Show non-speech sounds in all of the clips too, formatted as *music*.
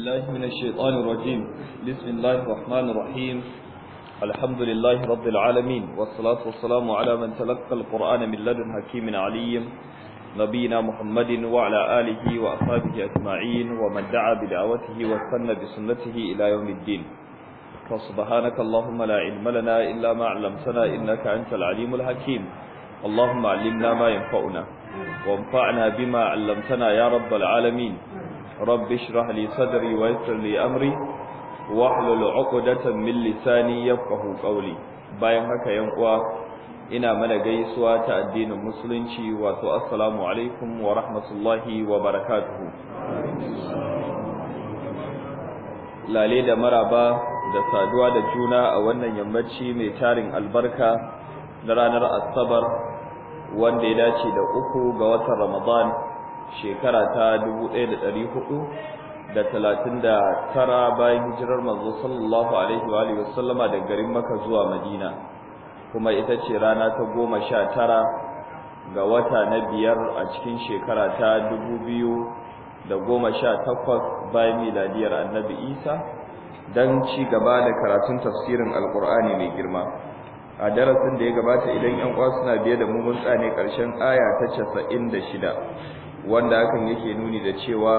بالله من الشيطان الرجيم بسم الله الرحمن الرحيم الحمد لله رب العالمين والصلاة والسلام على من تلقى القرآن من لدن حكيم عليم نبينا محمد وعلى آله وأصحابه أجمعين ومن دعا بدعوته واستنى بسنته إلى يوم الدين فسبحانك اللهم لا علم لنا إلا ما علمتنا إنك أنت العليم الحكيم اللهم علمنا ما ينفعنا وانفعنا بما علمتنا يا رب العالمين رب اشرح لي صدري ويسر لي أمري واحلل عقدة من لساني يفقه قولي bayan haka yan uwa ina mana gaisuwa ta addinin musulunci wato assalamu alaikum wa rahmatullahi wa barakatuhu lale da maraba da saduwa da juna a wannan yammaci mai tarin albarka na ranar asabar wanda ya dace da uku ga watan ramadan shekara ta da 1439 bayan hijirar manzo sallallahu alaihi wa alihi wasallama daga garin maka zuwa Madina kuma ita ce rana ta goma tara ga wata na biyar a cikin shekara ta 2018 bayan miladiyar Annabi Isa dan ci gaba da karatun tafsirin Alkur'ani mai girma a darasin da ya gabata idan yan kwa suna biye da mu mun tsane karshen aya ta casa'in da shida. wanda hakan yake nuni da cewa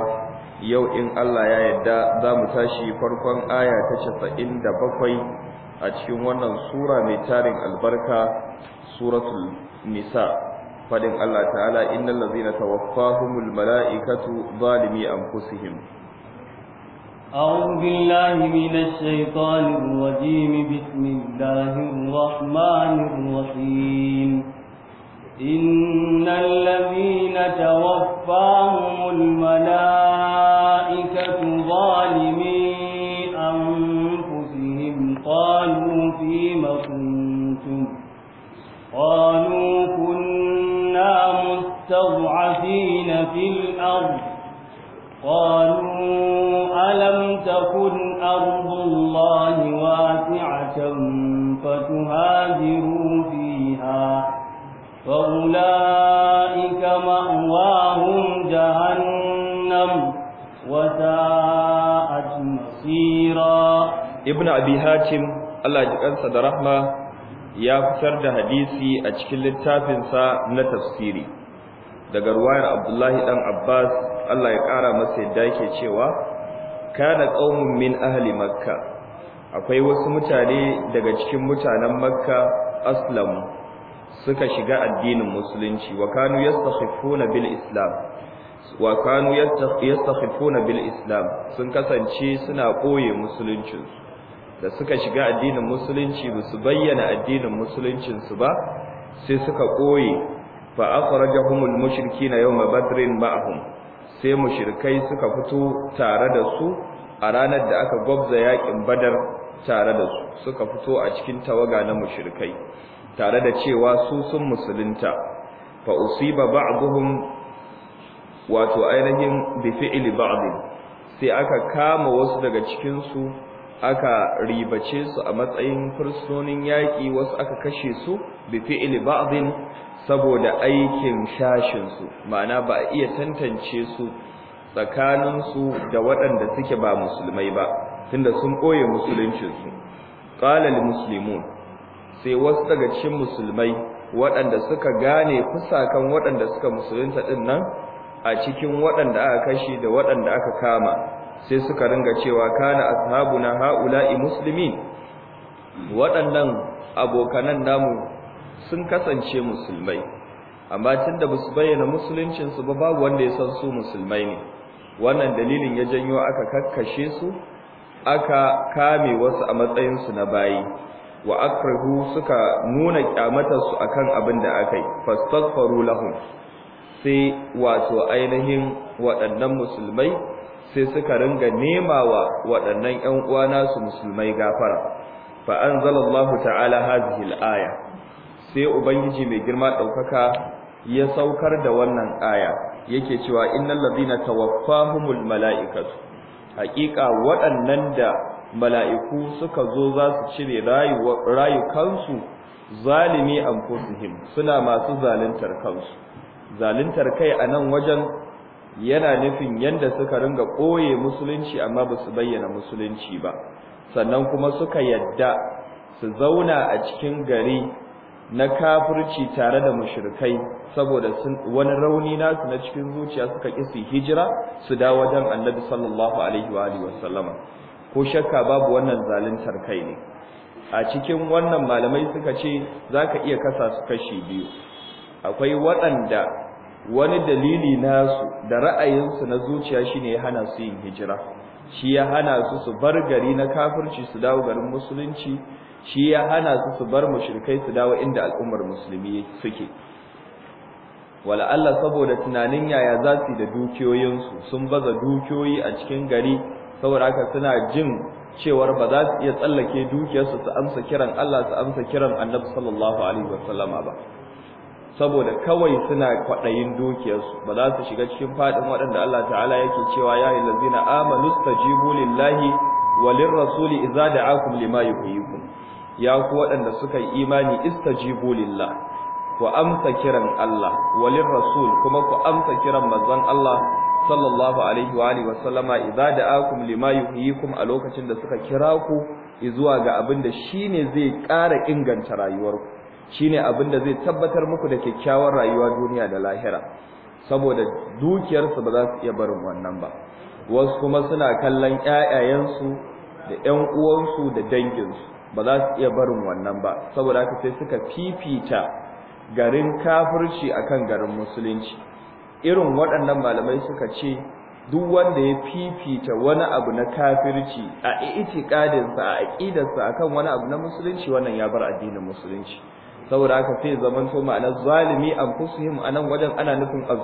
yau in Allah ya yarda za mu tashi farkon aya ta 97 a cikin wannan sura mai tarin albarka suratul nisa fadin Allah ta'ala innal ladzina tawaffahumul mala'ikatu zalimi anfusihim أعوذ بالله من الشيطان الرجيم بسم الله الرحمن الرحيم إن الذين توفاهم الملائكة ظالمي أنفسهم قالوا فيم كنتم قالوا كنا مستضعفين في الأرض قالوا ألم تكن أرض الله واسعة فتهاجروا فيها فأولئك مأواهم جهنم وساءت مصيرا ابن أبي هاتم الله يجزاه da rahma ya fitar da hadisi a cikin littafinsa na tafsiri daga ruwayar Abdullahi dan Abbas Allah ya kara masa yadda yake cewa kana qaumun min ahli makka akwai wasu mutane daga cikin mutanen makka aslamu suka shiga addinin musulunci wa kanu yastakhifuna bil islam wa kanu yastakhifuna bil islam sun kasance suna koye musuluncin da suka shiga addinin musulunci ba su bayyana addinin musuluncin su ba sai suka koye fa akhrajahumul mushrikina yawma badrin ma'ahum sai mushrikai suka fito tare da su a ranar da aka gwabza yakin badar tare da su suka fito a cikin tawaga na mushrikai tare da cewa su sun musulunta fa usiba ba'dhum wato ainihin bi fi'li ba'd sai aka kama wasu daga cikin su aka ribace su a matsayin fursunonin yaƙi wasu aka kashe su bi fi'li ba'd saboda aikin shashin su ma'ana ba a iya tantance su tsakanin su da waɗanda suke ba musulmai ba tunda sun ɓoye musuluncinsu qala lil muslimun sai wasu daga cikin musulmai waɗanda suka gane fusakan waɗanda suka musulunta ɗin nan a cikin waɗanda aka kashe da waɗanda aka kama sai suka ringa cewa kana ashabuna haula'i muslimin waɗannan abokanan namu sun kasance musulmai amma tun tunda basu bayyana musuluncinsu ba babu wanda ya san su musulmai ne wannan dalilin ya janyo aka kakkashe su aka kame wasu a matsayinsu na bayi wa akrahu suka nuna kyamatarsu akan abin da akai, yi fastaghfaru lahum sai wato ainihin waɗannan musulmai sai suka ringa nema wa waɗannan ƴan uwa nasu musulmai gafara fa anzalallahu ta'ala hadhihi al-aya sai ubangiji mai girma daukaka ya saukar da wannan aya yake cewa innal ladina tawaffahumul malaikatu haqiqa waɗannan da mala'iku suka zo za su cire rayukansu zalimi anfusihim suna masu zaluntar kansu zaluntar kai a nan wajen yana nufin yadda suka ringa ɓoye musulunci amma ba su bayyana musulunci ba sannan kuma suka yadda su zauna a cikin gari na kafirci tare da mushrikai saboda wani rauni nasu na cikin zuciya suka ƙi su hijira su dawo wajen annabi sallallahu alaihi wa alihi ko shakka babu wannan zaluntar kai ne a cikin wannan malamai suka ce zaka iya kasa su kashi biyu akwai waɗanda wani dalili nasu da ra'ayinsu na zuciya shine ya hana su yin hijira shi ya hana su su bar gari na kafirci su dawo garin musulunci shi ya hana su su bar mushrikai su dawo inda al'ummar musulmi suke wala Allah saboda tunanin yaya za su da dukiyoyinsu sun baza dukiyoyi a cikin gari saboda haka suna jin cewar ba za su iya tsallake dukiyarsu su amsa kiran Allah su amsa kiran Annabi sallallahu alaihi wasallama ba saboda kawai suna kwaɗayin dukiyarsu ba za su shiga cikin faɗin waɗanda Allah ta'ala yake cewa ya ayyuhal ladzina amanu stajibu lillahi walir rasuli idza da'akum lima yuhyikum ya ku waɗanda suka yi imani istajibu lillah ku amsa kiran Allah walir rasul kuma ku amsa kiran manzon Allah sallallahu alaihi wa alihi wasallama idza da'akum lima yuhyikum a lokacin da suka kira ku zuwa ga abin da shine zai ƙara inganta rayuwarku shine abin da zai tabbatar muku da kyakkyawar rayuwa duniya da lahira saboda dukiyarsu ba za su iya barin wannan ba wasu kuma suna kallon ƴaƴayensu da ƴan uwansu da danginsu ba za su iya barin wannan ba saboda haka sai suka fifita garin kafirci akan garin musulunci irin waɗannan malamai suka ce duk wanda ya fifita wani abu na kafirci a itikadinsa a aqidarsa akan wani abu na musulunci wannan ya bar addinin musulunci saboda haka sai zaman to ma'ana zalimi anfusuhum anan wajen ana nufin az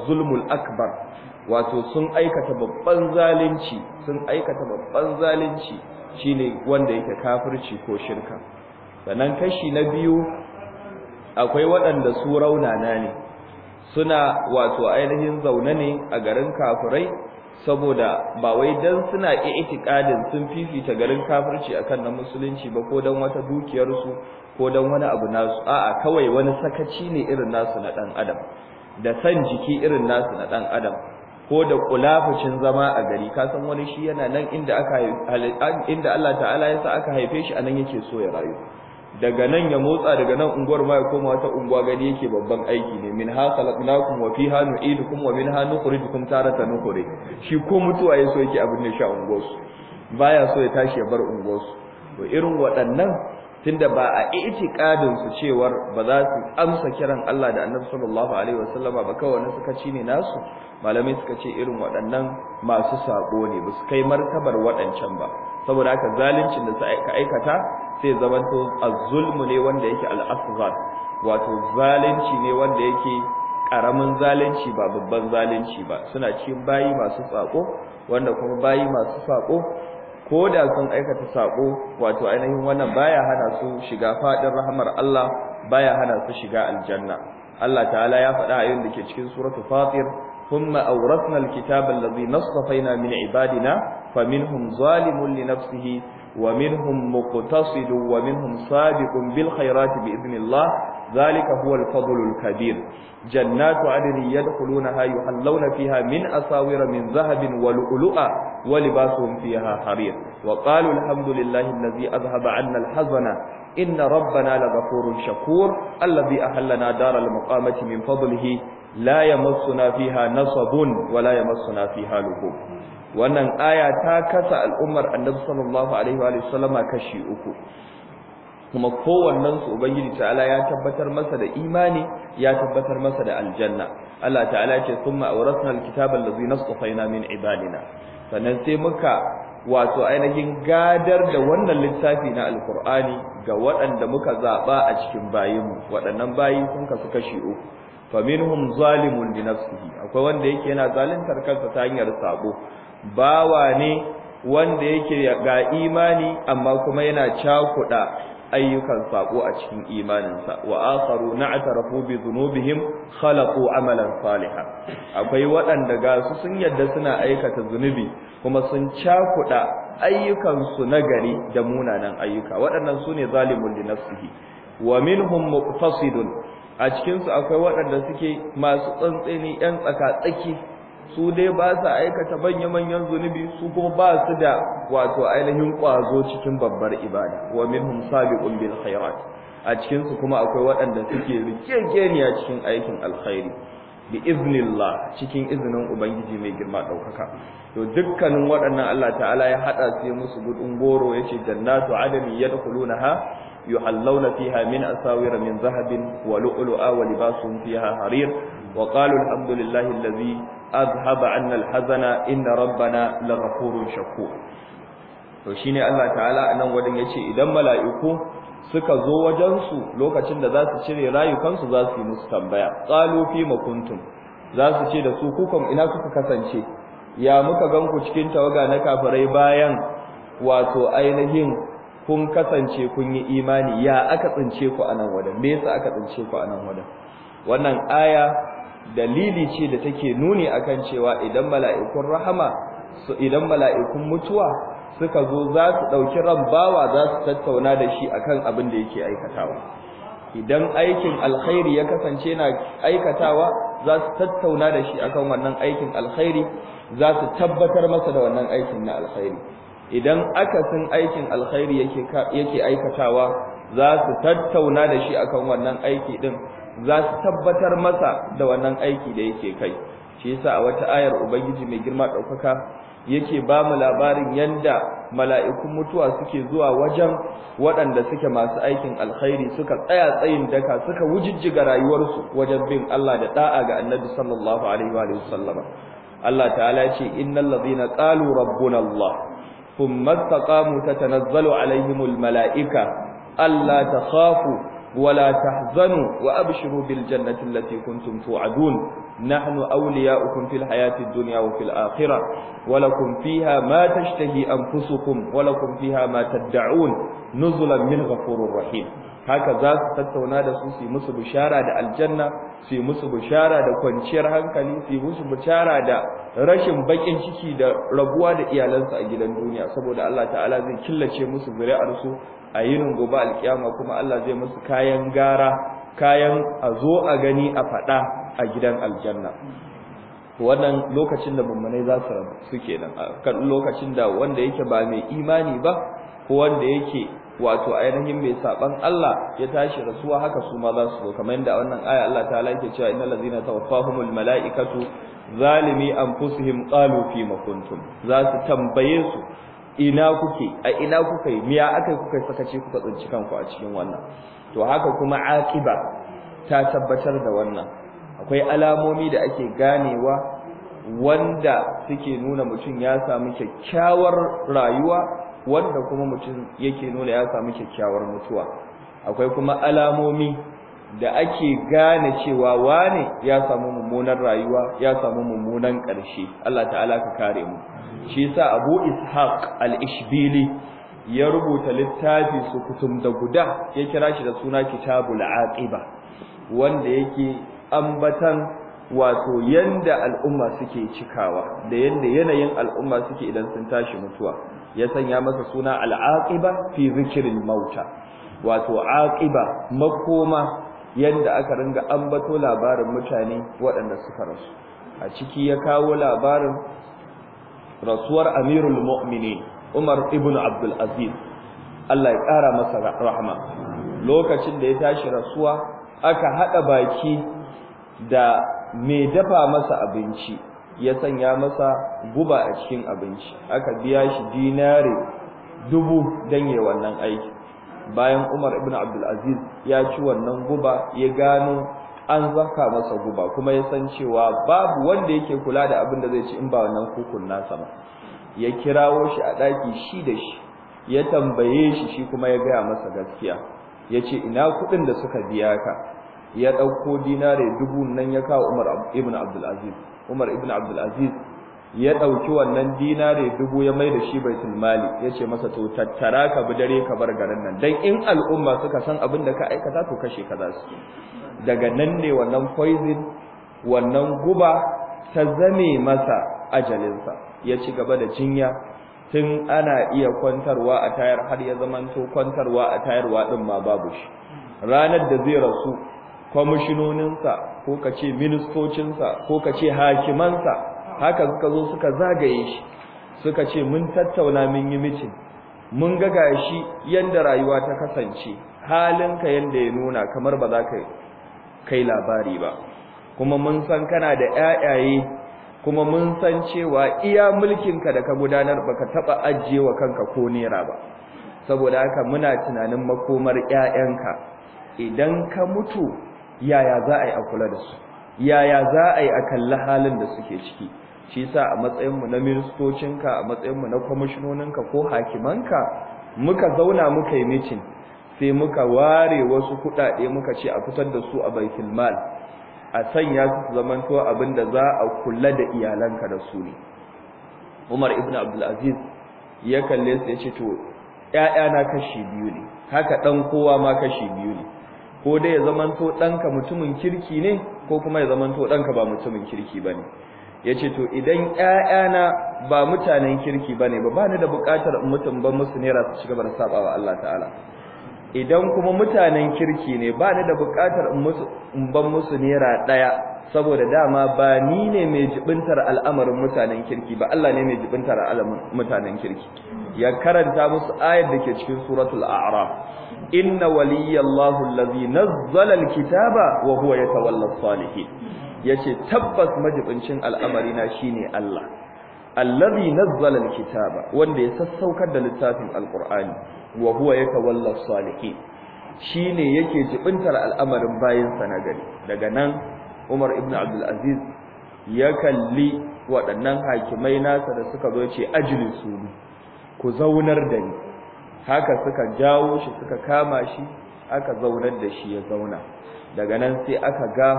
akbar wato sun aikata babban zalunci sun aikata babban zalunci shine wanda yake kafirci ko shirka sannan kashi na biyu akwai waɗanda su raunana ne suna wato ainihin zaune ne a garin kafirai saboda ba wai dan suna i'tiqadin sun fifita garin kafirci akan na musulunci ba ko dan wata dukiyar su ko dan wani abu nasu a'a kawai wani sakaci ne irin nasu na dan adam da san jiki irin nasu na dan adam ko da kulafucin zama a gari ka san wani shi yana nan inda aka inda Allah ta'ala ya sa aka haife shi anan yake so ya rayu daga nan ya motsa daga nan unguwar ma ya koma wata unguwa gani yake babban aiki ne min ha khalaqnakum wa fiha nu'idukum wa minha nukhrijukum taratan nukhri shi ko mutuwa ya so yake abin nisha sha unguwar su baya so ya tashi ya bar unguwar to irin waɗannan tunda ba a i'tiqadin su cewar ba za su amsa kiran Allah da Annabi sallallahu alaihi wasallama ba kawai suka ci ne nasu malamai suka ce irin waɗannan masu sabo ne ba su kai martabar waɗancan ba saboda haka zaluncin da suka aikata sai zamanto az-zulmu ne wanda yake al wato zalunci ne wanda yake ƙaramin zalunci ba babban zalunci ba suna cikin bayi masu sako wanda kuma bayi masu sako ko da sun aikata sako wato ainihin wannan baya hana su shiga fadin rahmar Allah baya hana su shiga aljanna Allah ta'ala ya faɗa ayoyin da ke cikin suratul fatir ثم أورثنا الكتاب الذي نصفينا من عبادنا فمنهم ظالم nafsihi. ومنهم مقتصد ومنهم سابق بالخيرات بإذن الله ذلك هو الفضل الكبير جنات عدن يدخلونها يحلون فيها من أساور من ذهب ولؤلؤا ولباسهم فيها حرير وقالوا الحمد لله الذي أذهب عنا الحزن إن ربنا لغفور شكور الذي أهلنا دار المقامة من فضله لا يمسنا فيها نصب ولا يمسنا فيها لهوب wannan aya ta kasa al'ummar annabi sallallahu alaihi wa sallama kashi uku kuma kowannen su ubangiji ta'ala ya tabbatar masa da imani ya tabbatar masa da aljanna Allah ta'ala ce kuma awrasna alkitaba allazi nasqafaina min ibadina sannan sai muka wato ainihin gadar da wannan littafi na alkur'ani ga waɗanda muka zaɓa a cikin bayinmu waɗannan bayi sun kasu kashi uku faminhum zalimun li nafsihi akwai wanda yake yana zaluntar kansa ta hanyar sabo bawa ne wanda yake ga imani amma kuma yana cakuɗa ayyukan sako a cikin imaninsa wa akharu na'tarafu bi dhunubihim khalaqu amalan salihan akwai waɗanda ga su sun yadda suna aikata zunubi kuma sun cakuda ayyukan su nagari da munanan ayyuka waɗannan sune zalimun li nafsihi wa minhum muqtasidun a cikin su akwai waɗanda suke masu tsantseni yan tsaka tsaki su dai ba su aikata manya-manyan zunubi su kuma ba su da wato ainihin ƙwazo cikin babbar ibada wa minhum sabiqun bil khairat a cikin su kuma akwai waɗanda suke a cikin aikin alkhairi bi iznillah cikin izinin ubangiji mai girma daukaka to dukkanin waɗannan Allah ta'ala ya hada su musu gudun goro yace jannatu adami yadkhulunaha يحلون فيها من أساور من ذهب ولؤلؤا ولباسهم فيها حرير وقالوا الحمد لله الذي azhaba anna alhazana inna rabbana laghafurun shakur to shine Allah ta'ala anan wadin yace idan mala'iku suka zo wajen su lokacin da zasu cire rayukan su zasu yi musu tambaya qalu fi Za zasu ce da su kukan ina kuka kasance ya muka ganku cikin tawaga na kafirai bayan wato ainihin kun kasance kun yi imani ya aka tsince ku anan wadan me yasa aka tsince ku anan wadan wannan aya dalili ce da take nuni akan cewa idan mala'ikun rahama su idan mala'ikun mutuwa suka zo za su dauki ran bawa za su tattauna da shi akan abin da yake aikatawa idan aikin alkhairi ya kasance na aikatawa za su tattauna da shi akan wannan aikin alkhairi za su tabbatar masa da wannan aikin na alkhairi idan akasin aikin alkhairi yake yake aikatawa za su tattauna da shi akan wannan aiki din za su tabbatar masa da wannan aiki da yake kai shi yasa a wata ayar ubangiji mai girma ɗaukaka yake ba mu labarin yanda mala'ikun mutuwa suke zuwa wajen waɗanda suke masu aikin alkhairi suka tsaya tsayin daka suka wujijjiga rayuwarsu wajen bin Allah da da'a ga annabi sallallahu alaihi wa sallama Allah ta'ala ya ce innal ladhina qalu rabbuna Allah thumma istaqamu tatanazzalu alaihimul mala'ika alla takhafu ولا تحزنوا وأبشروا بالجنة التي كنتم توعدون نحن أولياؤكم في الحياة الدنيا وفي الآخرة ولكم فيها ما تشتهي أنفسكم ولكم فيها ما تدعون نزلا من غفور رحيم haka za su tattauna da su su musu bishara da aljanna su yi musu bishara da kwanciyar hankali su yi musu bishara da rashin bakin ciki da rabuwa da iyalansu a gidan duniya saboda Allah ta'ala zai killace musu zuri'ar su a yinin gobe alkiyama kuma Allah zai musu kayan gara kayan a zo a gani a faɗa a gidan aljanna wannan lokacin da mummunai za su rabu su kenan kan lokacin da wanda yake ba mai imani ba ko wanda yake wato ainihin mai saban Allah ya tashi rasuwa haka su ma za su zo kamar yadda wannan aya Allah ta halake cewa innal ladzina tawaffahumul malaikatu zalimi anfusihim qalu fi ma kuntum za su tambaye su ina kuke a ina kuka miya akai kuka sakaci kuka tsinci kanku a cikin wannan to haka kuma akiba ta tabbatar da wannan akwai alamomi da ake ganewa wanda suke nuna mutum ya samu kyakkyawar rayuwa wanda kuma mutum yake nuna ya samu kyakkyawar mutuwa akwai kuma alamomi da ake gane cewa wane ya samu mummunan rayuwa ya samu mummunan ƙarshe Allah ta'ala ka kare mu shi yasa Abu Ishaq al-Ishbili ya rubuta littafi su kutum da guda ya kira shi da suna Kitabul Aqiba wanda yake ambatan wato yanda al'umma suke cikawa da yanda yanayin al'umma suke idan sun tashi mutuwa ya sanya masa suna al'aqiba fi zikirin mauta wato aqiba makoma yanda aka ringa ambato labarin mutane waɗanda suka rasu a ciki ya kawo labarin rasuwar amirul mu'minin Umar ibn Abdul Aziz Allah ya tsara masa rahma lokacin da ya tashi rasuwa aka hada baki da mai dafa masa abinci ya sanya masa guba a cikin abinci aka biya shi dinare dubu don yi wannan aiki bayan Umar ibn Abdulaziz ya ci wannan guba ya gano an zaka masa guba kuma ya san cewa babu wanda yake kula da abin da zai ci in ba wannan kukun nasa ba ya kirawo shi a daki shi da shi ya tambaye shi shi kuma ya gaya masa gaskiya yace ina kuɗin da suka biya ka ya ɗauko dinare dubu nan ya kawo Umar ibn Abdul Aziz Umar ibn Abdul Aziz ya ɗauki wannan dinare dubu ya mai da shi baitul mali ya ce masa to tattara ka bi dare ka bar garin nan dan in al'umma suka san abin da ka aikata to kashe ka za su daga nan ne wannan poison wannan guba ta zame masa ajalinsa ya ci gaba da jinya tun ana iya kwantarwa a tayar har ya zamanto kwantarwa a tayarwa din ma babu shi ranar da zai rasu kwamishinoninsa ko ka ce ministocinsa ko ka ce hakimansa haka suka zo suka zagaye shi suka ce mun tattauna min yi mitin mun ga shi yadda rayuwa ta kasance halinka yadda ya nuna kamar ba za ka kai labari ba kuma mun san kana da 'ya'yaye, kuma mun san cewa iya mulkinka da ka gudanar baka taba wa kanka ko nera ba saboda haka muna tunanin makomar 'ya'yanka idan ka mutu yaya za a yi a kula da su yaya za a yi a kalli halin da suke ciki shi sa a matsayinmu na ministocinka a matsayinmu na kwamishinoninka ko hakimanka muka zauna muka yi mitin sai muka ware wasu kuɗaɗe muka ce a fitar da su a baitul mal a sanya su su zamanto abin da za a kula da iyalanka da su ne Umar ibn Abdul Aziz ya kalle su ya ce to na kashi biyu ne, haka ɗan kowa ma kashi biyu ne, ko dai ya zamanto ɗanka mutumin kirki ne ko kuma ya zamanto ɗanka ba mutumin kirki ba ne ya ce to idan ‘ya'yana ba mutanen kirki ba ne ba ba ni da buƙatar mutum ba musu naira su ci gaba da saba wa Allah ta'ala idan kuma mutanen kirki ne ba ni da buƙatar in ban musu naira ɗaya saboda dama ba ni ne mai jibintar al'amarin mutanen kirki ba Allah ne mai jibintar al'amarin mutanen kirki ya karanta musu ayar da ke cikin suratul a'raf inna waliyallahu allazi nazzala alkitaba wa huwa yatawalla salihin yace tabbas majibincin al'amari na shine Allah allazi nazzala alkitaba wanda ya sassaukar da littafin alqur'ani wa huwa yatawalla salihin shine yake jibintar al'amarin bayin sa gari, daga nan Umar ibn Abdul Aziz ya kalli waɗannan hakimai nasa da suka zo ce su ku zaunar da ni haka suka jawo shi suka kama shi aka zaunar da shi ya zauna daga nan sai aka ga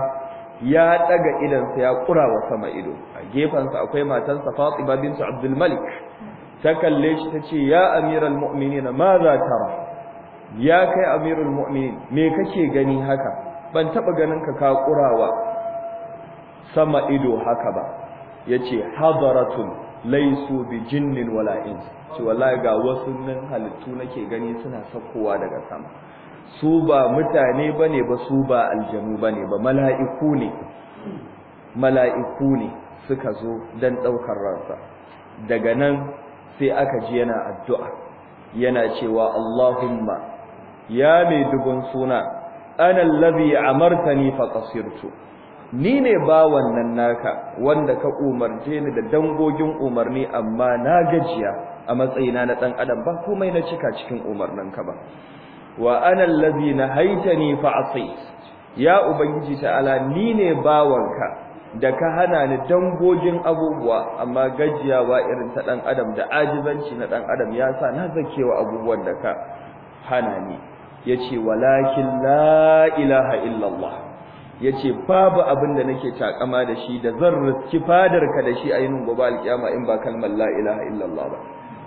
ya daga idansa ya kura wa sama ido a gefensa akwai matansa Fatima bintu Abdul Malik ta kalle shi tace ya amiral mu'minin ma za tara ya kai amirul mu'minin me kake gani haka ban taba ganin ka ka kurawa sama ido haka ba ya hadaratun laisu bi jinnin wala ins ce wallahi ga wasu nan halittu nake gani suna sakowa daga sama su ba mutane ba ne ba su ba aljanu ne ba mala'iku ne mala'iku ne suka zo don ɗaukar ransa daga nan sai aka ji yana addu'a yana cewa Allahumma ya mai dubun suna ana a Martani fa qasirtu ni ne ba wannan naka wanda ka umarce ni da dangogin umarni amma na gajiya a matsayina na dan adam ba komai na cika cikin umarnin ka ba wa ana allazi nahaitani fa asi ya ubangiji ta'ala ni ne bawanka da ka hana ni dangogin abubuwa amma gajiya gajiyawa irin ta dan adam da ajibanci na dan adam ya sa na zakewa abubuwan da ka hana ni yace walakin la ilaha illallah yace babu abin da nake takama da shi da zan riski fadarka da shi a yinin gobe alkiyama in ba kalmar la ilaha illallah ba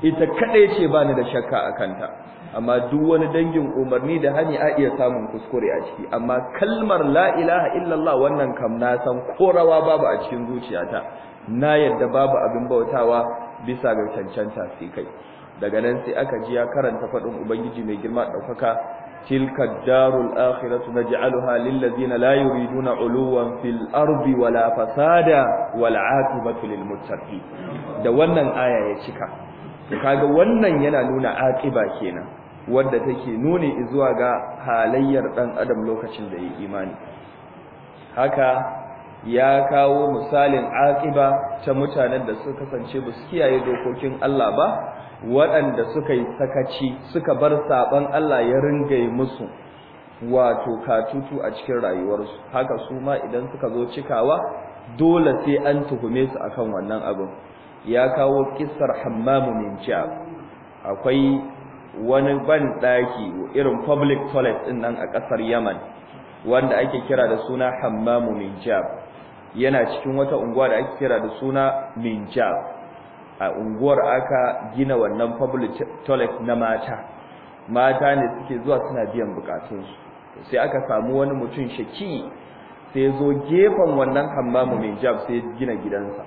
ita kadai ce bani da shakka a kanta amma duk wani dangin umarni da hani a iya samun kuskure a ciki amma kalmar la ilaha illallah wannan kam na san korawa babu a cikin zuciyata na yadda babu abin bautawa bisa ga cancanta sai kai daga nan sai aka ji ya karanta faɗin ubangiji mai girma ɗaukaka tilka darul akhiratu naj'aluha lil ladzina la yuriduna 'uluwan fil ardi wala fasada wal 'aqibatu lil muttaqin da wannan aya ya cika to kaga wannan yana nuna aqiba kenan wanda take nuni zuwa ga halayyar dan adam lokacin da ya imani haka ya kawo misalin aqiba ta mutanen da suka kasance ba su kiyaye dokokin Allah ba waɗanda suka yi sakaci suka bar saban Allah ya ringaye musu wato katutu a cikin rayuwarsu haka su ma idan suka zo cikawa dole sai an tuhume su akan wannan abin ya kawo kissar hammamu min jab akwai wani ban daki irin public toilet din nan a kasar Yemen, wanda ake kira da suna hammamu min jab yana cikin wata unguwa da ake kira da suna minjab a unguwar aka gina wannan public toilet na mata mata ne suke zuwa suna biyan bukatunsu sai aka samu wani mutum shaki sai zo gefen wannan hammamu minjab sai gina gidansa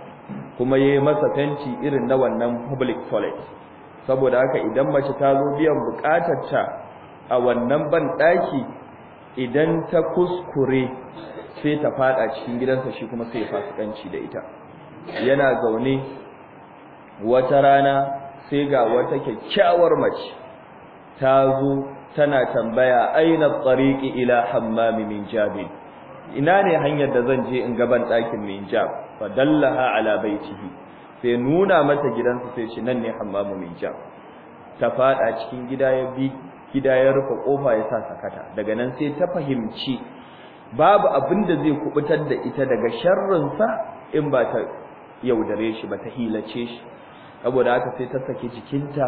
kuma yayi masa fenti irin na wannan public toilet saboda haka idan mace ta zo biyan bukatarta a wannan ban daki idan ta kuskure sai ta fada cikin gidansa shi kuma sai ya fasikanci da ita yana zaune wata rana sai ga wata kyakkyawar mace ta zo tana tambaya aina tsariƙi ila hammami min jabi ina ne hanyar da zan je in gaban dakin min jab fa dallaha ala baitihi sai nuna mata gidansa sai ce nan ne hammamu min jab ta fada cikin gida ya bi gida ya rufe kofa ya sa sakata daga nan sai ta fahimci babu abin da zai kubutar da ita daga sa in ba ta yaudare shi ba ta hilace shi saboda haka sai ta saki jikinta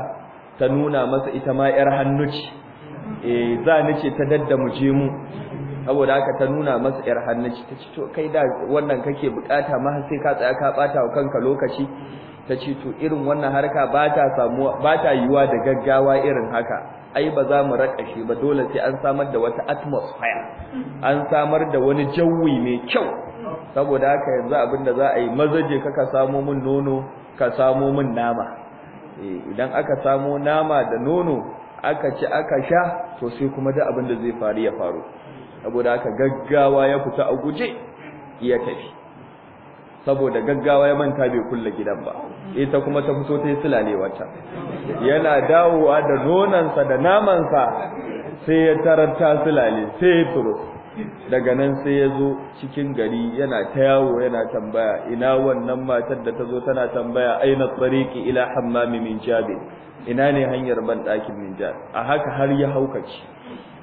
ta nuna masa ita ma yar hannu ce eh za ni ce ta dadda mu je mu saboda haka ta nuna masa yar hannu ce ce to kai da wannan kake bukata ma har sai ka tsaya ka bata wa kanka lokaci Ta ce to irin wannan harka ba ta samuwa ba ta yiwa da gaggawa irin haka ai ba za mu raka shi ba dole sai an samar da wata atmosphere an samar da wani jawi mai kyau saboda haka yanzu abinda za a yi mazaje ka ka samo mun nono ka samo mun nama eh, idan aka samo nama da nono aka ci aka sha to sai kuma da abinda zai faru ya faru saboda haka gaggawa ya fita a guje ya tafi saboda gaggawa ya manta bai kulle gidan ba ita kuma ta fito ta yi wata yana dawowa da nonansa da namansa sai ya tarar ta sulale sai ya turo daga nan sai ya zo cikin gari yana ta yawo yana tambaya ina wannan matar da ta zo tana tambaya aina tsariki ila hammami min jabe ina ne hanyar ban ɗakin min jabe a haka har ya haukace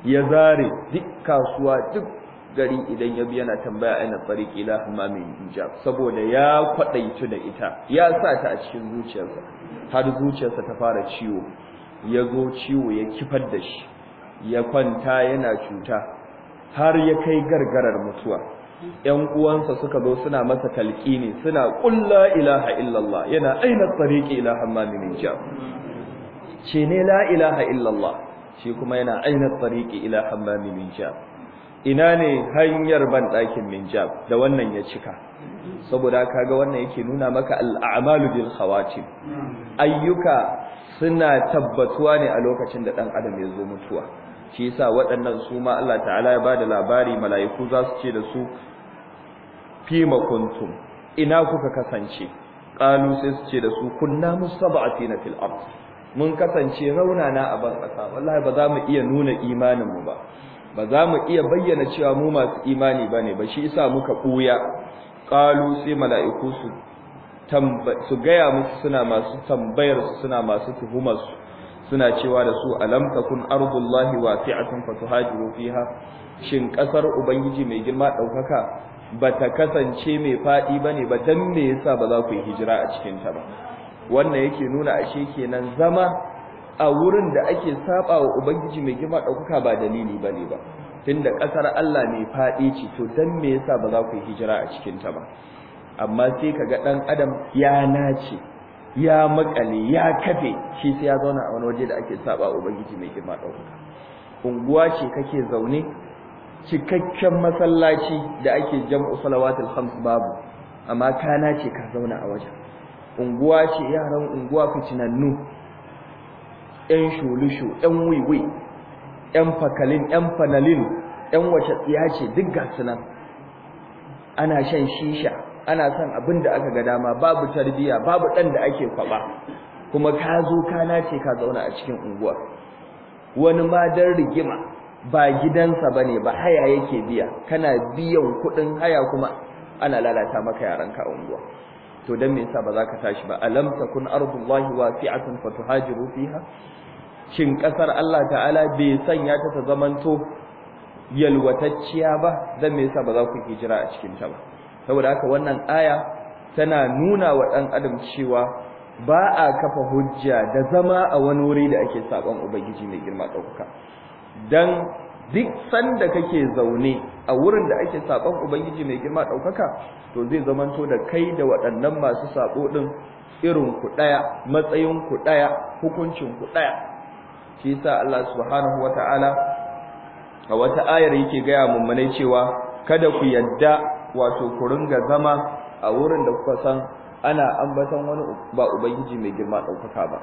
ya zare duk kasuwa duk gari idan ya bi yana tambaya aina tsariki ila mai hijab saboda ya kwaɗaitu da ita ya sa ta a cikin zuciyarsa har zuciyarsa ta fara ciwo ya zo ciwo ya kifar da shi ya kwanta yana cuta har ya kai gargarar mutuwa ‘yan uwansa suka zo suna masa ne suna ƙulla ilaha illallah yana aina tsariki ila mai hijab ce ne la ilaha illallah shi kuma yana aina tsariki ila mai hijab ina ne hanyar banɗakin minjab da wannan ya cika saboda kaga wannan yake nuna maka al'amalu bil khawatim ayyuka suna tabbatuwa ne a lokacin da ɗan adam ya zo mutuwa shi yasa waɗannan su ma Allah ta'ala ya bada labari mala'iku za su ce da su fi ina kuka kasance qalu sai su ce da su kunna mustaba'atina fil ard mun kasance raunana a ban kasa wallahi ba za mu iya nuna imanin mu ba ba za mu iya bayyana cewa mu masu imani bane ba shi yasa muka buya qalu sai mala'iku su gaya musu suna masu tambayar su suna masu tuhumar su suna cewa da su alam takun ardullahi wasi'atun fatuhajiru fiha shin ƙasar ubangiji mai girma daukaka ta kasance mai fadi bane ba dan me yasa ba za ku yi hijira a cikin ta ba wannan yake nuna ashe kenan zama a wurin da ake saba wa ubangiji mai gima ɗaukuka ba dalili ba ne ba tunda ƙasar Allah mai faɗi ce to dan me yasa ba za ku yi hijira a cikin ta ba amma sai kaga ɗan adam ya nace ya makale ya kafe shi sai ya zauna a wani waje da ake saba wa ubangiji mai girma ɗaukaka unguwa ce kake zaune cikakken masallaci da ake jam'u salawatul khams babu amma kana ce ka zauna a wajen unguwa ce yaran unguwa fitinannu 'yan shulushu 'yan wiwi 'yan fakalin 'yan fanalin 'yan wace tsiya ce duk gasu nan ana shan shisha ana son abin da aka ga dama babu tarbiyya babu ɗan da ake kwaɓa kuma ka zo ka nace ka zauna a cikin unguwa wani ma don rigima ba gidansa ba ne ba haya yake biya kana biyan kuɗin haya kuma ana lalata maka yaranka a unguwa to dan me yasa ba za ka tashi ba alam takun ardullahi wasi'atun fatuhajiru fiha shin kasar Allah ta'ala bai sanya ta ta zamanto yalwatacciya ba dan me yasa ba za ku hijira a cikin ta ba saboda haka wannan aya tana nuna wa dan adam cewa ba a kafa hujja da zama a wani wuri da ake saban ubangiji mai girma dauka dan duk sanda kake zaune a wurin da ake saɓan ubangiji mai girma ɗaukaka, to zai zamanto da kai da waɗannan masu saɓo ɗin irin ku daya matsayin ku daya hukuncin ku daya shi yasa Allah subhanahu wataala a wata ayar yake gaya mummunai cewa kada ku yadda wato ku ringa zama a wurin da kuka san ana ambaton wani ba ubangiji mai girma ɗaukaka ba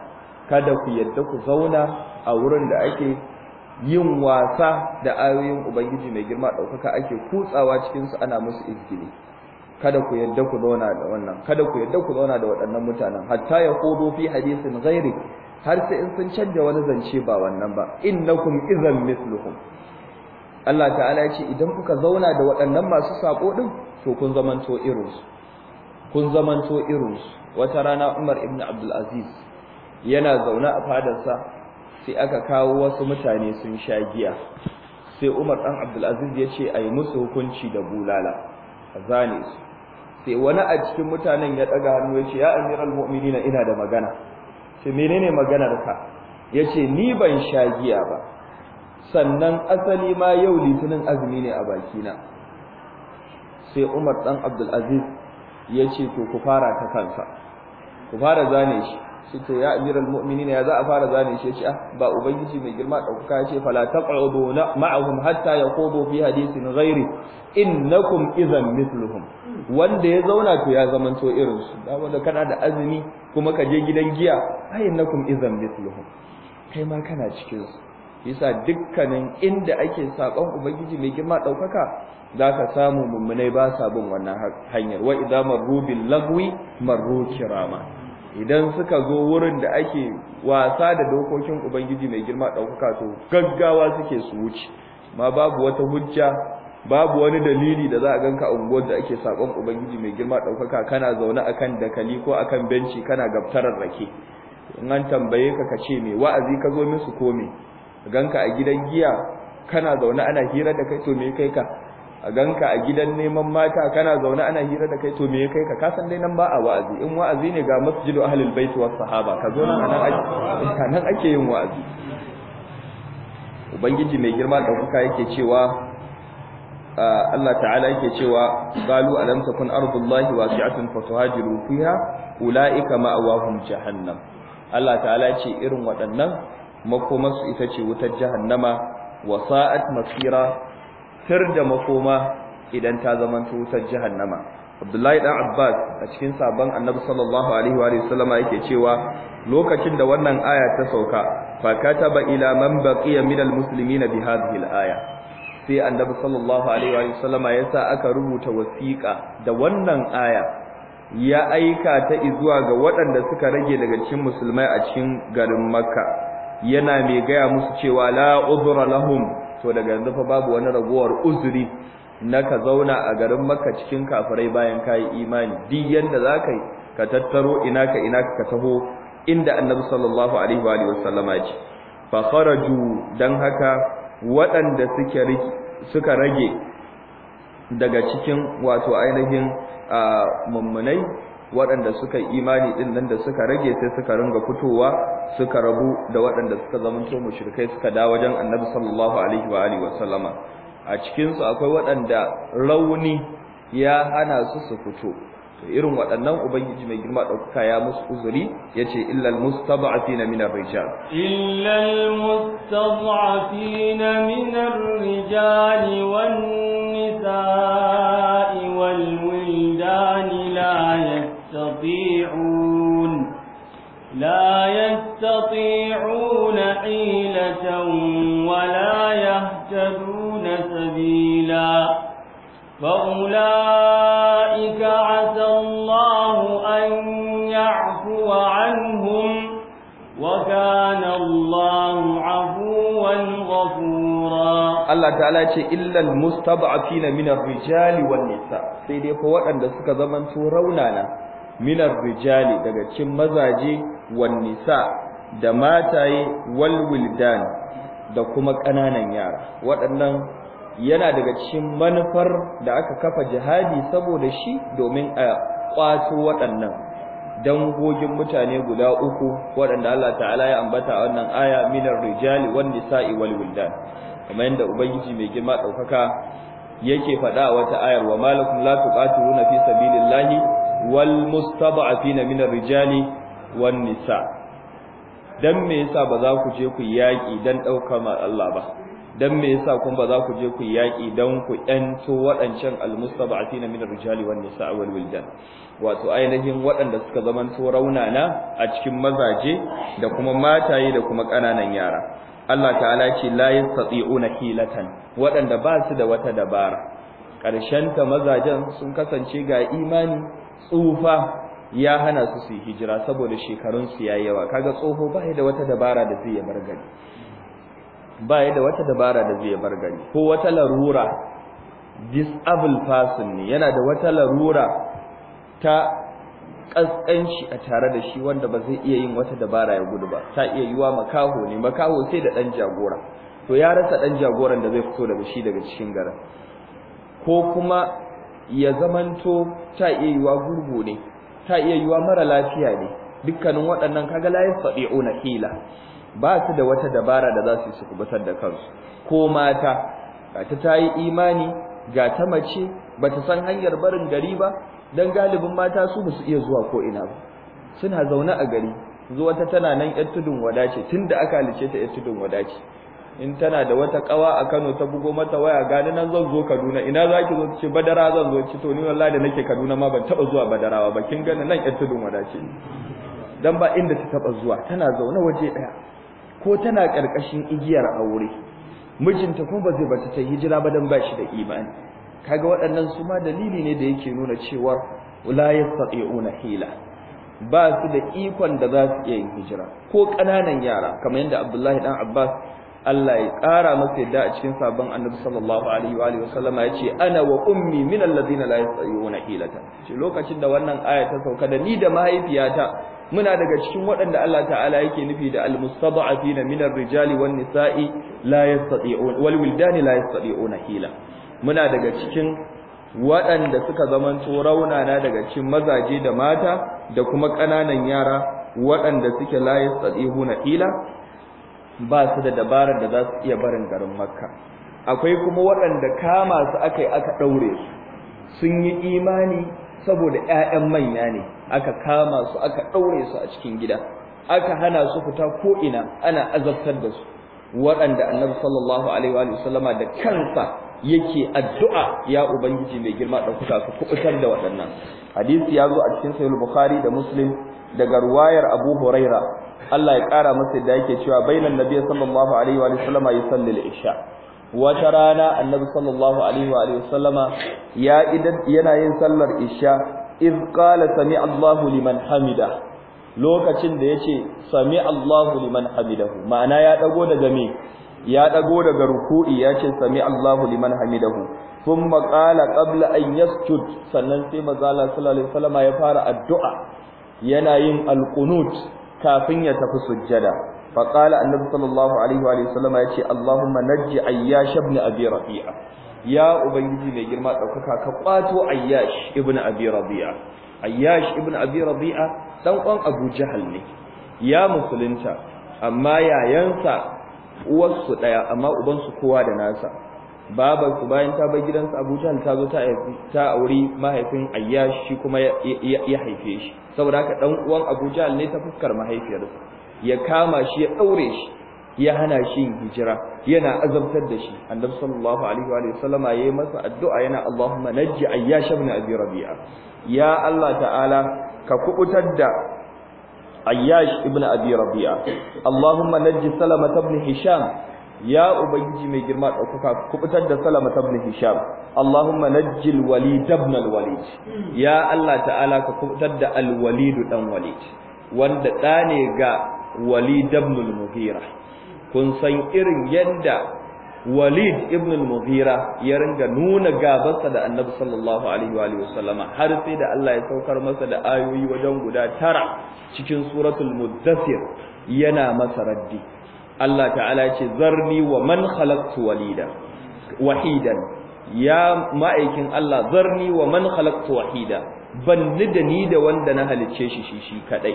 kada ku yadda ku zauna a wurin da ake yin wasa da ayoyin ubangiji mai girma ɗaukaka ake kutsawa cikin su ana musu izgili kada ku yadda ku zauna da wannan kada ku yadda ku zauna da waɗannan mutanen hatta ya kodo fi hadisin ghairi har sai in sun canja wani zance ba wannan ba innakum idzan mithluhum Allah ta'ala ya ce idan kuka zauna da waɗannan masu sako din to kun zamanto su kun zamanto su wata rana Umar ibn Abdul Aziz yana zauna a fadarsa sai aka kawo wasu mutane sun sha giya sai Umar dan Abdul ya ce ai musu hukunci da bulala azani sai wani a cikin mutanen ya daga hannu ya ce ya amiral mu'minina ina da magana sai menene maganar ka yace ni ban sha giya ba sannan asali ma yau litinin azumi ne a bakina sai Umar dan Abdul ya ce to ku fara ta kansa ku fara zane shi shi to ya amiral mu'minin ya za a fara zane shi ce ah, ba ubangiji mai girma ɗaukaka ya ce fala taq'udu ma'ahum hatta yaqudu fi hadithin ghairi innakum idhan mithluhum wanda ya zauna to ya to irin su da wanda kana da azumi kuma ka je gidan giya ai innakum idhan mithluhum kai ma kana cikin su yasa dukkanin inda ake sakon ubangiji mai girma daukaka ka samu mummunai ba sa bin wannan hanyar wa idza rubin lagwi marru kirama idan suka zo wurin da ake wasa da dokokin ubangiji mai girma ɗaukaka to gaggawa suke su wuce ma babu wata hujja babu wani dalili da za a ganka a unguwar da ake saƙon ubangiji mai girma ɗaukaka kana zaune akan dakali ko akan benci kana gabtarar rake in an tambaye ka ka ce me wa'azi ka zo musu ko me ganka a gidan giya kana zaune ana hira da kai to me kai ka a ganka a gidan neman mata kana zaune ana hira da kai to me kai ka kasan dai nan ba a wa'azi in wa'azi ne ga masjidu ahlul bait was sahaba ka zo nan nan ake yin wa'azi ubangiji mai girma da kuka yake cewa Allah ta'ala yake cewa qalu alam takun ardullahi wasi'atun fatuhajiru fiha ulaika ma'awahum jahannam Allah ta'ala ce irin waɗannan su ita ce wutar jahannama wa sa'at masira tar da makoma idan ta zamanto wutar jahannama Abdullahi dan Abbas a cikin sabon Annabi sallallahu alaihi wa sallama yake cewa lokacin da wannan aya ta sauka fa kataba ila man baqiya min almuslimina bi hadhihi alaya sai Annabi sallallahu alaihi wa sallama yasa aka rubuta wasiqa da wannan aya ya aika ta izuwa ga waɗanda suka rage daga cikin musulmai a cikin garin Makka yana mai gaya musu cewa la udhra lahum to daga yanzu fa babu wani ragowar uzuri na ka zauna a garin makka cikin kafirai bayan kayi imani duk yadda za ka tattaro ina ka ina ka taho inda annabi sallallahu alaihi wa ce fa kharaju dan haka waɗanda suke suka rage daga cikin wato ainihin mummunai waɗanda suka yi imani din nan da suka rage sai suka ringa fitowa suka rabu da waɗanda suka zamanto mushrikai suka da wajen annabi sallallahu alaihi wa alihi wasallama a cikin su akwai waɗanda rauni ya hana su su fito irin waɗannan ubangiji mai girma ɗaukaka ya musu uzuri ya ce illal mustaba'afina min ar-rijal illal mustaba'afina min ar-rijal wan nisa'i wal wildani la يستطيعون لا يستطيعون حيلة ولا يهتدون سبيلا فأولئك عسى الله أن يعفو عنهم وكان الله عفوا غفورا الله تعالى ce illal mustad'afina min ar-rijali wan-nisa sai dai ko waɗanda suka zamanto raunana minar rijali daga cikin mazaje wan nisa da mataye wal wildan da kuma kananan yara waɗannan yana daga cikin manufar da aka kafa jihadi saboda shi domin a kwato waɗannan dangogin mutane guda uku waɗanda Allah ta'ala ya ambata a wannan aya Minan rijali wan nisa'i wal wildan kamar yadda ubangiji mai girma ɗaukaka yake faɗa wata ayar wa malakum la tuqatiluna fi sabilillahi wal mustada'afina min ar-rijali wan nisa dan me yasa ba za ku je ku yaki dan dauka ma Allah ba dan me yasa kun ba za ku je ku yaki dan ku yanto wadancan almustaba'atina min ar-rijali wan nisa wal wildan wato ainihin wadanda suka zaman to na a cikin mazaje da kuma mataye da kuma kananan yara Allah ta'ala ce la yastati'una hilatan wadanda ba su da wata dabara karshen ta mazajen sun kasance ga imani tsufa ya hana su su hijira saboda shekarunsu su yayi yawa kaga tsoho ba da wata dabara da zai bar gari ba da wata dabara da zai bar gari ko wata larura disabled person ne yana da wata larura ta kaskanci a tare da shi wanda ba zai iya yin wata dabara ya gudu ba ta iya yiwa makaho ne makaho sai da dan jagora to ya rasa dan jagoran da zai fito daga shi daga cikin garin ko kuma ya zamanto ta iya yiwa gurgu ne ta iya yiwa mara lafiya ne dukkanin waɗannan kaga la ona hila ba su da wata dabara da za su yi su da kansu ko mata ta ta yi imani ga ta mace ba ta san hanyar barin gari ba don galibin mata su ba su iya zuwa ko ina ba suna zaune a gari zuwa ta tana nan yar tudun wadace tunda aka halice ta yar tudun wadace in tana da wata ƙawa a Kano ta bugo mata waya gani nan zan zo Kaduna ina zaki zo ce Badara zan zo ci to ni wallahi da nake Kaduna ma ban taba zuwa Badarawa ba kin gani nan ƴar tudun wadace dan ba inda ta taba zuwa tana zaune waje daya ko tana karkashin igiyar aure mijinta kuma ba zai bata ta hijira ba dan ba shi da imani kaga waɗannan su ma dalili ne da yake nuna cewa la yastati'una hila ba su da ikon da za su iya yin hijira ko ƙananan yara kamar yadda Abdullahi dan Abbas Allah ya ƙara masa yadda a cikin sabon annabi sallallahu alaihi wa alihi ya yace ana wa ummi min alladhina la yastayuna hilata shi lokacin da wannan aya ta sauka da ni da mahaifiyata muna daga cikin waɗanda Allah ta'ala yake nufi da almustada'afina min ar-rijali wan nisa'i la yastati'un wal wildani la yastati'una hila muna daga cikin waɗanda suka zamanto raunana daga cikin mazaje da mata da kuma ƙananan yara waɗanda suke la yastati'una hila ba su da dabarar da za su iya barin garin makka akwai kuma waɗanda kama su aka yi aka ɗaure su sun yi imani saboda 'ya'yan manya ne aka kama su aka ɗaure su a cikin gida aka hana su fita ko ana azabtar da su waɗanda annabi sallallahu alaihi wa sallama da kansa yake addu'a ya ubangiji mai girma da kuka ka kubutar da waɗannan hadisi ya zo a cikin sahih bukhari da muslim daga ruwayar abu huraira Allah ya kara masa da yake cewa bainan nabiy sallallahu alaihi wa sallama yusalli al-isha wata rana annabi sallallahu alaihi wa sallama ya idan yana yin sallar isha iz qala sami Allahu liman hamida lokacin da yace sami Allahu liman hamidahu ma'ana ya dago daga me ya dago daga ruku'i yace sami Allahu liman hamidahu thumma qala qabla an yasjud sannan sai maza Allah sallallahu alaihi wa sallama ya fara addu'a yana yin alqunut kafin ya tafi sujjada fa qala annabi sallallahu alaihi wa sallama yace allahumma najji ayyash ibn abi rabi'a ya ubangiji mai girma daukaka ka kwato ayyash ibn abi rabi'a ayyash ibn abi rabi'a dan kwan abu jahal ne ya musulunta amma yayansa uwarsu daya amma ubansu kowa da nasa babar su bayan ta bar gidansu Abu Jahl ta zo ta auri mahaifin Ayyash shi kuma ya haife shi saboda haka dan uwan Abu Jahl ne ta fuskar mahaifiyarsa ya kama shi ya daure shi ya hana shi hijira yana azabtar da shi annabi sallallahu alaihi wa sallama yayi masa addu'a yana Allahumma najji Ayyash ibn Abi Rabi'a ya Allah ta'ala ka kubutar da Ayyash ibn Abi Rabi'a Allahumma najji Salama ibn Hisham ya ubangiji mai girma ɗaukaka kubutar da salama ta ibn hisham allahumma najjil walid ibn al-walid ya allah ta'ala ka kubutar da al-walid dan walid wanda dane ga walid ibn al kun san irin yanda walid ibn al ya ringa nuna gabansa da annabi sallallahu alaihi wa alihi wasallama har sai da Allah ya saukar masa da ayoyi wajen guda tara cikin suratul Muddathir yana masa raddi Allah ta'ala ce zarni wa man khalaqtu walida wahidan ya ma'aikin Allah zarni wa man khalaqtu wahida ban ni da ni da wanda na halicce shi shi shi kadai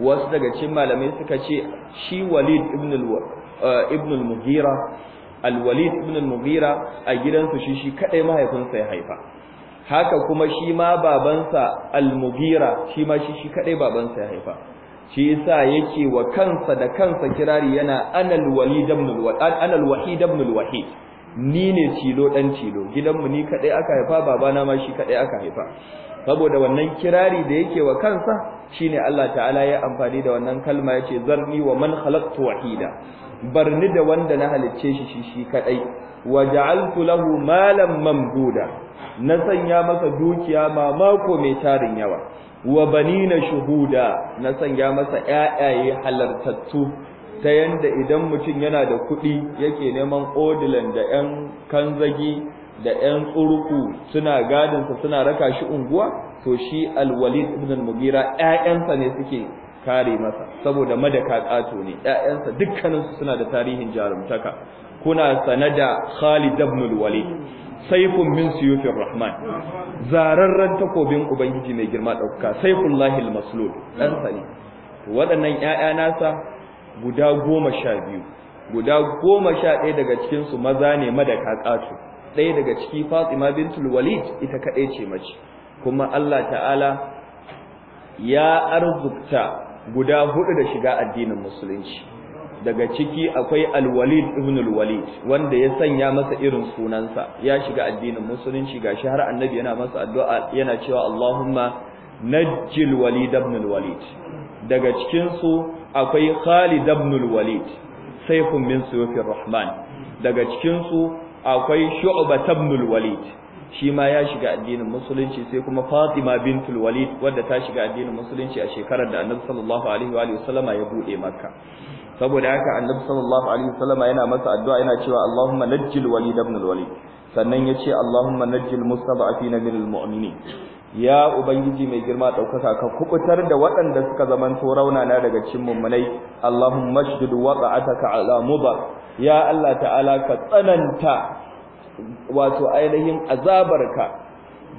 wasu daga cikin malamai suka ce shi Walid ibn al eh, ibn al-Mughira al-Walid ibn al-Mughira a gidansu shi shi kadai mahaifinsa ya haifa haka kuma shi ma babansa al-Mughira shi ma shi shi kadai babansa ya haifa shi yasa yake wa kansa da kansa kirari yana anal walid ibn al-wahid anal wahid ibn al-wahid ni ne cilo dan cilo gidanmu ni kadai aka haifa babana ma shi kadai aka haifa saboda wannan kirari da yake wa kansa shine Allah ta'ala ya amfani da wannan kalma yace zarni wa man khalaqtu wahida barni da wanda na halicce shi shi shi kadai wa ja'altu lahu malam mamduda na sanya masa dukiya mamako mai tarin yawa wa banina shuhuda na sanya masa ƴaƴaye halartattu ta yanda idan mutum yana da kuɗi yake neman odilan da ƴan kanzagi da ƴan tsurku suna gadinsa suna raka shi unguwa to shi alwalid ibn al-mugira ƴaƴansa ne suke kare masa saboda madaka ƙato ne ƴaƴansa dukkaninsu suna da tarihin jarumtaka kuna sanada Khalid ibn al-Walid saifun min suyufin rahman zararren takobin ubangiji mai girma ɗauka saifun lahil maslul ɗan sani. waɗannan ‘ya'ya nasa guda goma sha biyu guda goma sha ɗaya daga cikinsu maza ne madaka ƙato ɗaya daga ciki fatima bintul walid ita kaɗai ce mace kuma allah ta'ala ya arzukta guda hudu da shiga addinin musulunci daga ciki akwai alwalid ibn al-walid wanda ya sanya masa irin sunansa ya shiga addinin musulunci gashi har annabi yana masa addu'a yana cewa Allahumma najjil walid ibn walid daga cikin su akwai Khalid ibn al-walid sayfun min suyufir rahman daga cikin su akwai shu'ba ibn walid shi ma ya shiga addinin musulunci sai kuma fatima bintul walid wadda ta shiga addinin musulunci a shekarar da annabi sallallahu alaihi wa alihi wasallama ya bude makka saboda haka annabi sallallahu alaihi wasallama yana masa addu'a yana cewa allahumma najjil walid ibn walid sannan yace allahumma najjil mustada'afina minal mu'minin ya ubangiji mai girma daukaka ka kubutar da waɗanda suka zaman to raunana daga cikin mummunai allahumma shdid waqa'ataka ala mudar ya allah ta'ala ka tsananta wato ainihin azabarka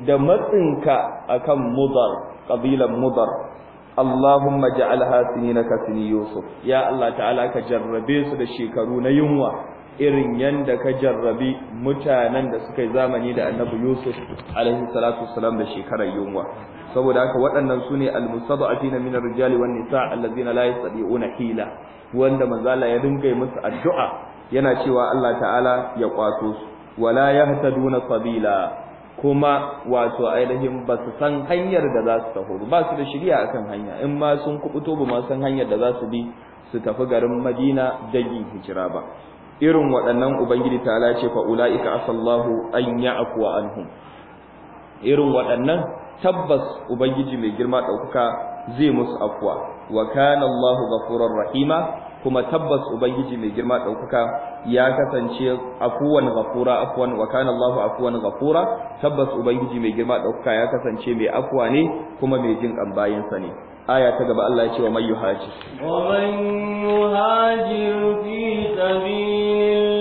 da matsinka akan mudar qabilan mudar allahumma ja'alha sinina ka sin yusuf ya allah ta'ala ka jarrabe su da shekaru na yunwa irin yanda ka jarrabi mutanen da suka yi zamani da annabi Yusuf alaihi salatu wassalam da shekarar yunwa saboda haka waɗannan su ne almustada'afina min ar-rijali wan nisa allazina la yastati'una hila wanda manzala ya dinga musu addu'a yana cewa Allah ta'ala ya kwato su wala yahtaduna sabila kuma wato ainihin ba su san hanyar da za su tafi ba su da shiriya akan hanya in ma sun kubuto ba ma san hanyar da za su bi su tafi garin Madina dagin hijira ba irin waɗannan ubangiji ala ce fa ulaika asallahu an ya'fu anhum irin waɗannan tabbas ubangiji mai girma daukaka zai musu afwa wa kana allah ghafurur rahima kuma tabbas ubangiji mai girma daukaka ya kasance afuwan ghafura afwan wa kana allah afwan ghafura tabbas ubangiji mai girma daukaka ya kasance mai afwa ne kuma mai jin sa ne aya ta gaba Allah ya ce wa man yuhajir wa man fi sabilillah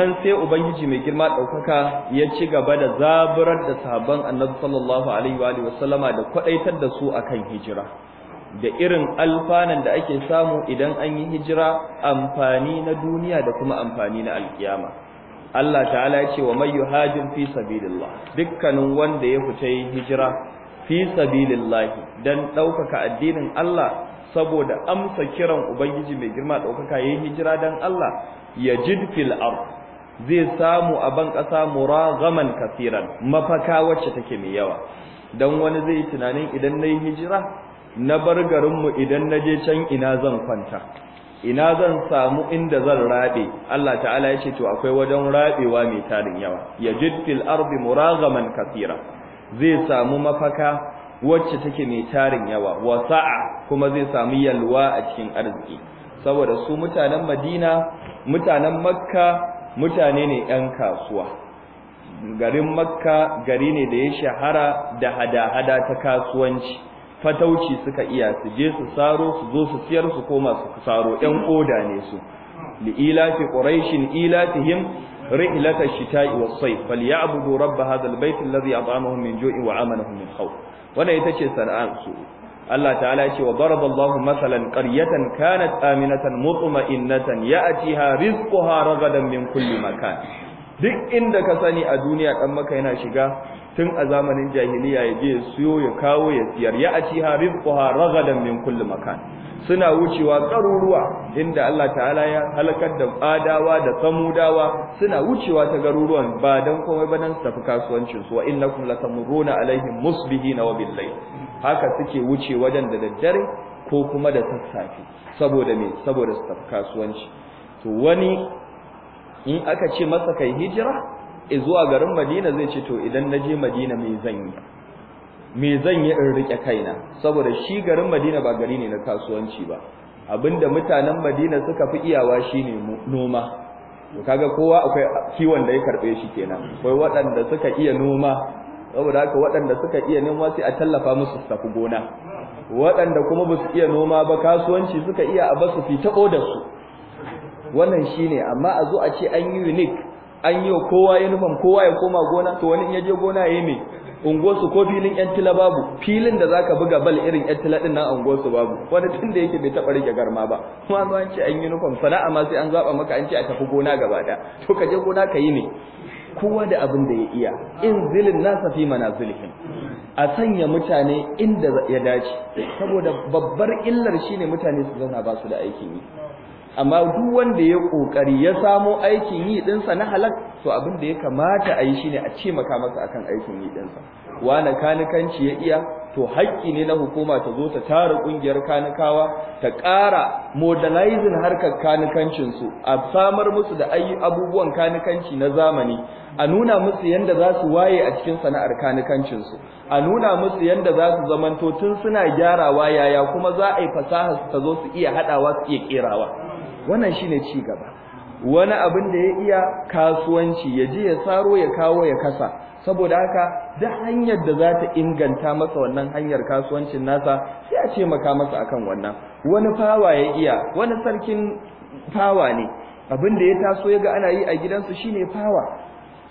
nan sai ubangiji mai girma ɗaukaka ya ci gaba da zaburar da sahabban annabi sallallahu alaihi wa alihi da kwadaitar da su akan hijira da irin alfanan da ake samu idan an yi hijira amfani na duniya da kuma amfani na alkiyama Allah ta'ala ya ce wa may yuhajir fi sabilillah dukkanin wanda ya fita yi hijira fi sabilillah dan ɗaukaka addinin Allah saboda amsa kiran ubangiji mai girma ɗaukaka yayin hijira dan Allah yajid fil ard zai samu a ban ƙasa muragaman kafiran mafaka wacce take mai yawa don wani zai tunanin idan na yi hijira na bar garin mu idan naje can ina zan kwanta ina zan samu inda zan rabe Allah ta'ala ya ce to akwai wajen rabewa mai tarin yawa Ya jiddil ardi muragaman kasira zai samu mafaka wacce take mai tarin yawa wasa'a kuma zai samu yalwa a cikin arziki saboda su mutanen Madina mutanen Makka mutane ne 'yan kasuwa garin makka gari ne da ya shahara da hada-hada ta kasuwanci fatauci suka iya su je su saro su zo su siyar su koma su saro 'yan koda ne su li'ilafi quraishin ilatihim rihlata shita'i was-sayf falyabudu rabb hadha al-bayt alladhi at'amahum min ju'in wa amanahum min khawf wannan ita ce sana'ar Allah ta'ala ya ce wa daraballahu masalan qaryatan kanat aminatan mutma'innatan ya'tiha rizquha ragadan min kulli makan duk inda ka sani a duniya ɗan maka yana shiga tun a zamanin jahiliya ya je siyo ya kawo ya siyar ya'tiha rizquha ragadan min kulli makan suna wucewa garuruwa inda Allah ta'ala ya halakar da adawa da samudawa suna wucewa ta garuruwan ba don komai ba dan su tafi kasuwancin su wa innakum latamuruna alaihim musbihina wa billayl haka suke wuce wajen da daddare ko kuma da sassafe saboda me saboda kasuwanci to wani in aka ce masa kai hijira e zuwa garin Madina zai ce to idan na je Madina me zan yi me zan yi in rike kaina saboda shi garin Madina ba gari ne na kasuwanci ba abinda mutanen Madina suka fi iyawa shine noma to kaga kowa akwai kiwon da ya karbe shi kenan akwai waɗanda suka iya noma saboda haka waɗanda suka iya nema sai a tallafa musu su gona waɗanda kuma ba su iya noma ba kasuwanci suka iya a basu fita ta odar su wannan shine amma a zo a ce an yi unique an yi kowa uniform kowa ya koma gona to wani in ya je gona yayi me unguwarsu ko filin yan tila babu filin da zaka buga bal irin yan tila din nan unguwarsu babu wani tun da yake bai taba rike garma ba kuma an ce an uniform sana'a ma sai an zaba maka an ce a tafi gona gaba da to ka je gona ka yi ne kowa da abin da ya iya in zilin nasa fi zilin, a sanya mutane inda ya dace saboda babbar illar shine mutane su zauna ba su da aikin yi amma duk wanda ya kokari ya samo aikin yi dinsa na halak to abin da ya kamata a yi shi ne a ce maka masa akan aikin yi dinsa wani kanikanci ya iya to haƙƙi ne na hukuma ta zo ta tara ƙungiyar kanikawa ta ƙara modernizing harkar kanikancinsu a samar musu da ayi abubuwan kanikanci na zamani a nuna musu yadda za su waye a cikin sana'ar kanikancinsu a nuna musu yadda za su zamanto tun suna gyarawa yaya kuma za a yi fasaha su ta zo su iya haɗawa su iya ƙerawa wannan shine ci gaba wani abin da ya iya kasuwanci ya je ya saro ya kawo ya kasa saboda haka da hanyar da za ta inganta masa wannan hanyar kasuwancin nasa sai a ce maka masa akan wannan wani fawa ya iya wani sarkin fawa ne abin da ya taso ya ga ana yi a gidansu shine fawa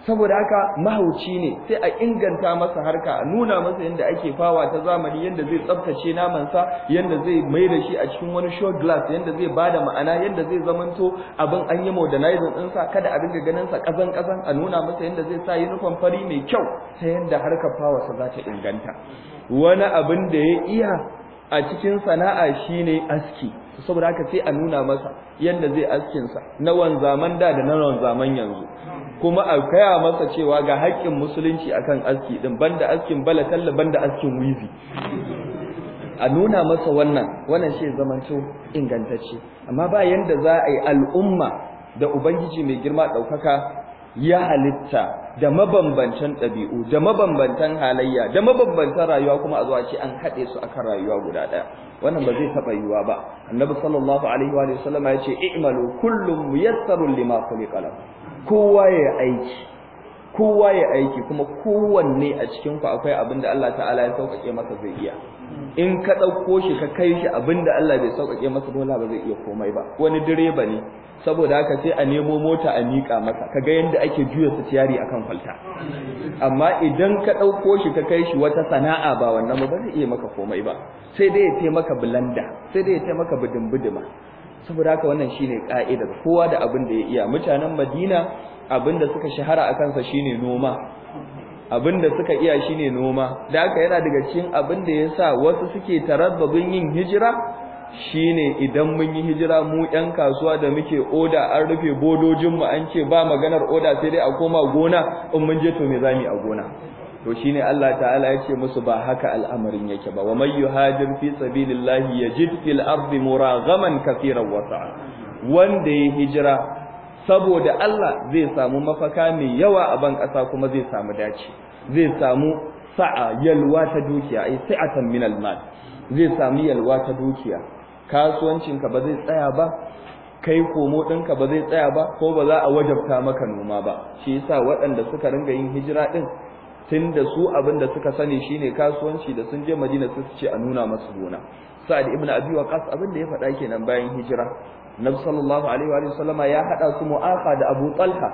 saboda haka mahauci ne sai a inganta masa harka a nuna masa yadda ake fawa ta zamani yadda zai tsabtace namansa yadda zai mai da shi a cikin wani short glass yadda zai bada ma'ana yadda zai zamanto abin an yi modernizing ɗinsa kada a dinga ganin sa kazan kazan a nuna masa yadda zai sa uniform fari mai kyau ta yadda harkar fawa sa za ta inganta wani abin da ya iya a cikin sana'a shine aski saboda haka sai a nuna masa yadda zai askinsa na wanzaman da da na wanzaman yanzu kuma a kaya masa cewa ga haƙƙin musulunci akan aski din banda askin Bala, balatalla banda askin wizi a nuna masa wannan wannan shi zamanto ingantacce amma ba yanda za a yi al'umma da ubangiji mai girma ɗaukaka ya halitta da mabambantan ɗabi'u da mabambantan halayya da mabambantan rayuwa kuma a zuwa ce an haɗe su akan rayuwa guda ɗaya wannan ba zai taɓa yiwuwa ba annabi sallallahu alaihi wa sallam ya ce i'malu kullum muyassarun lima khuliqa lahu kowa ya aiki kowa ya aiki kuma kowanne a cikin ku akwai abin da Allah ta'ala ya sauƙaƙe masa zai iya in ka ɗauko shi ka kai shi abinda Allah bai sauƙaƙe masa dola ba zai iya komai ba wani direba ne saboda haka sai a nemo mota a miƙa masa ka ga yadda ake juya su tiyari akan kwalta amma idan ka ɗauko shi ka kai shi wata sana'a ba wannan ba zai iya maka komai ba sai dai ya taimaka bulanda sai dai ya taimaka budin saboda haka wannan shine ka'idar kowa da abin da ya iya mutanen Madina abin da suka shahara a kansa shine noma Abin da suka iya shine noma da aka yana daga cikin abin abinda sa wasu suke tarabbabin yin hijira shine idan mun yi hijira mu yan kasuwa da muke oda an rufe bodojin mu an ce ba maganar oda sai dai a koma gona in mun je to me zamu a gona to shine Allah ta'ala ya ce musu ba haka al'amarin yake ba wa may yuhajir fi sabilillahi yajid fil ardi muragaman kaseeran wasu. wanda ya hijira saboda Allah zai samu mafaka mai yawa a ban ƙasa kuma zai samu dace zai samu sa'a yalwa ta dukiya ai sa'atan min almal zai samu yalwa ta dukiya kasuwancinka ba zai tsaya ba kai komo ɗinka ba zai tsaya ba ko ba za a wajabta maka noma ba shi yasa waɗanda suka ringa yin hijira ɗin tunda su abin da suka sani shine kasuwanci da sun je Madina su ce a nuna masu gona sa'ad ibn abi waqas abin da ya faɗa kenan bayan hijira nabi sallallahu alaihi wa sallama ya haɗa su mu'afa da abu talha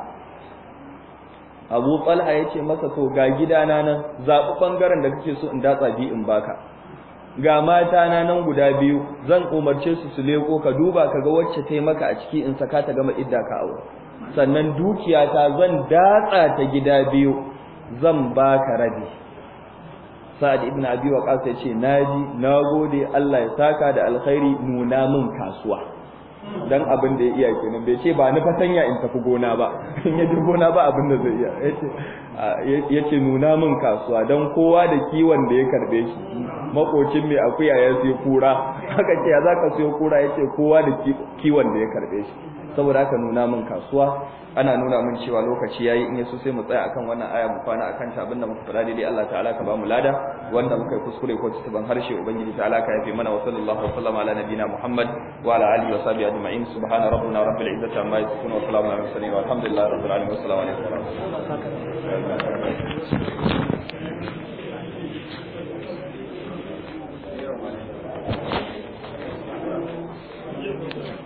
abu talha yace masa to ga gidana nan zabi bangaren da kake so in datsa bi in baka ga mata na nan guda biyu zan umarce su su leko ka duba ka ga wacce ta maka a ciki in saka ta gama idda ka aure sannan dukiya ta zan datsa ta gida biyu zan baka rabi sa'ad ibn abi waqas ya ce naji nagode Allah ya saka da alkhairi nuna min kasuwa dan abin da ya iya kenan bai ce ba ni fatanya in tafi gona ba *laughs* in ya gona ba abin da zai iya yace yace nuna min kasuwa dan kowa da kiwon da ya karbe shi makocin mai akuya ya sai kura haka *laughs* ce ya zaka sayo kura yace kowa da kiwon da ya karbe shi saboda haka nuna min kasuwa ana nuna min cewa lokaci yayi in yaso sai mu tsaya akan wannan aya mu kwana akan ta abinda muka fara dai Allah ta'ala ka ba mu lada wanda muka yi kuskure ko tsiban harshe ubangiji ta'ala ka yafe mana wa sallallahu alaihi wa sallama ala nabina muhammad wa ala alihi wa sahbihi ajma'in subhana rabbina rabbil izzati amma yasifun wa salamun ala mursalin alhamdulillahi rabbil alamin salamun alaikum wa rahmatullahi wa barakatuh